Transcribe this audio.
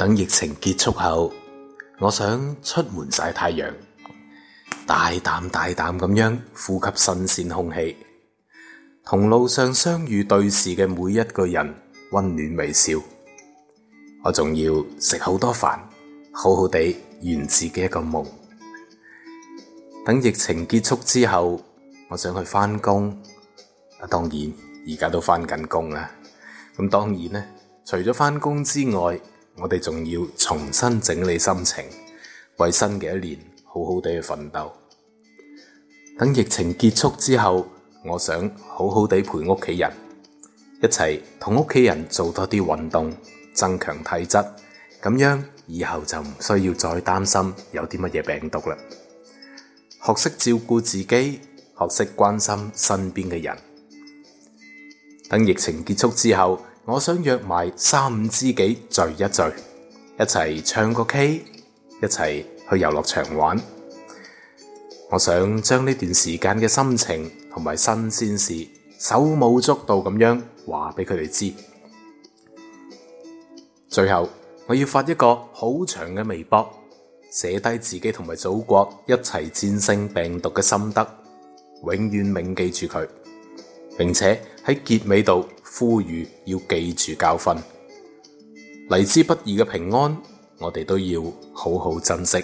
等疫情結束後，我想出門曬太陽，大膽大膽咁樣呼吸新鮮空氣，同路上相遇對視嘅每一個人溫暖微笑。我仲要食好多飯，好好地圓自己一個夢。等疫情結束之後，我想去翻工。啊，當然而家都翻緊工啦。咁當然呢，除咗翻工之外，我哋仲要重新整理心情，為新嘅一年好好地去奮鬥。等疫情結束之後，我想好好地陪屋企人，一齊同屋企人做多啲運動，增強體質。咁樣以後就唔需要再擔心有啲乜嘢病毒啦。學識照顧自己，學識關心身邊嘅人。等疫情結束之後。我想約埋三五知己聚一聚，一齊唱個 K，一齊去遊樂場玩。我想將呢段時間嘅心情同埋新鮮事，手舞足蹈咁樣話畀佢哋知。最後，我要發一個好長嘅微博，寫低自己同埋祖國一齊戰勝病毒嘅心得，永遠銘記住佢，並且喺結尾度。呼籲要記住教訓，嚟之不易嘅平安，我哋都要好好珍惜。